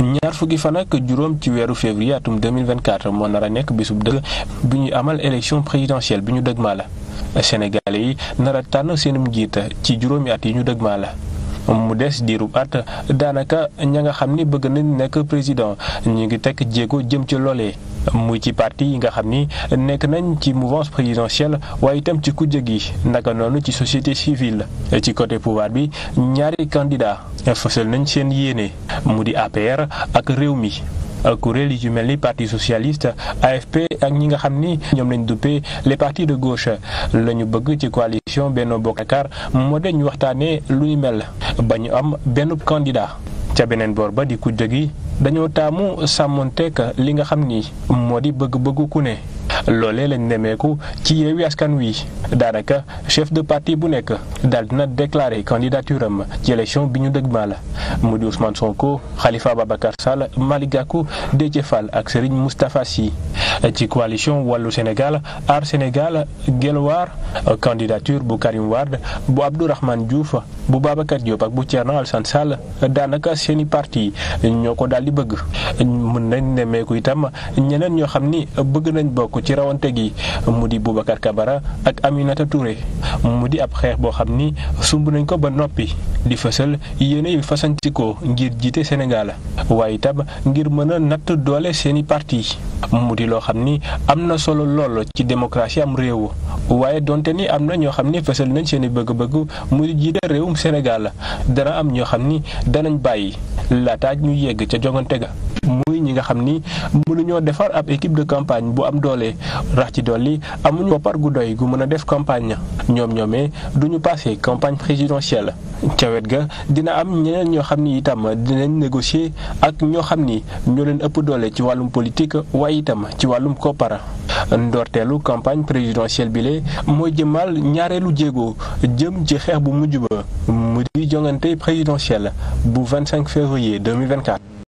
ñaar fukki fan ak juróom ci weeru février atum 2024 moo nara nekk bisub dëgg bi ñuy amal élection présidentielle bi ñu dëgmaa la Sénégalais yi nar a tànn seenum njiit ci juróomi at yi ñu dëgmaa la mu des diirub at daanaka ña nga xam ni bëgg nañu nekk président ñu ngi tekk jéego jëm ci loole muy ci parti yi nga xam ni nekk nañ ci mouvance présidentielle waaye itam ci kujje gi naka noonu ci société civile ci côté pouvoir bi ñaari candidat fësal nañ seen yéene mu di APR ak réew mi kuréel yi ci mel ni parti socialiste AFP ak ñi nga xam ni ñoom lañ duppee les partis de gauche la ñu bëgg ci coalition benn Bokk Yaakaar moo dañ waxtaanee lu ñu mel ba ñu am benn candidat ca beneen boor ba di kujje gi dañoo taamu sàmmonteek li nga xam ni moo di bëgg-bëggu ku ne loolee lañ nemmeeku ci yeewi askan wi daanaka chef de partie bu nekk daal dina déclaré candidature am ci élection bi ñu dëgmal mu di Ousmane Sonko xalifa Babacar Sall Malick Gakou Déthié Fall ak Serigne Moustapha Sy ci coalition wàllu Sénégal Aar Sénégal Gelwaar candidature bu Karim Wade bu Abdourahmane Diouf bu Babacar Diop ak bu Thierno Alassane Sall daanaka seeni partie ñoo ko daal di bëgg mën nañ nemeeku itam ñeneen ñoo xam ni bëgg nañ bokk ci rawante gi mu di Boubacar Kabara ak Aminata Touré mu di ab xeex boo xam ni sumb nañ ko ba noppi di fësal yéene yu fasantikoo ngir jiite Sénégal waaye itam ngir mën a natt doole seeni parti mu di loo xam ni am na solo lool ci démocratie am réew waaye donte ni am na ñoo xam ni fësal nañ seen i bëgg-bëgg mu jiite réewum Sénégal dara am ñoo xam ni danañ bàyyi laataa ñu yegg ca jongante ga. muy ñi nga xam ni mënuñoo defar ab équipe de campagne bu am doole rax ci dolli amuñu koppar gu doy gu mën a def campagne ñoom ñoomee ñu passé campagne présidentielle ca wet ga dina am ñeneen ñoo xam ni itam dinañ négocier ak ñoo xam ni ñoo leen ëpp doole ci wàllum politique waaye itam ci wàllum koppara ndoorteelu campagne présidentielle bi le mooy jëmal ñaareelu jéego jëm ci xeex bu mujj ba mu di jongante présidentielle bu 25 février 2024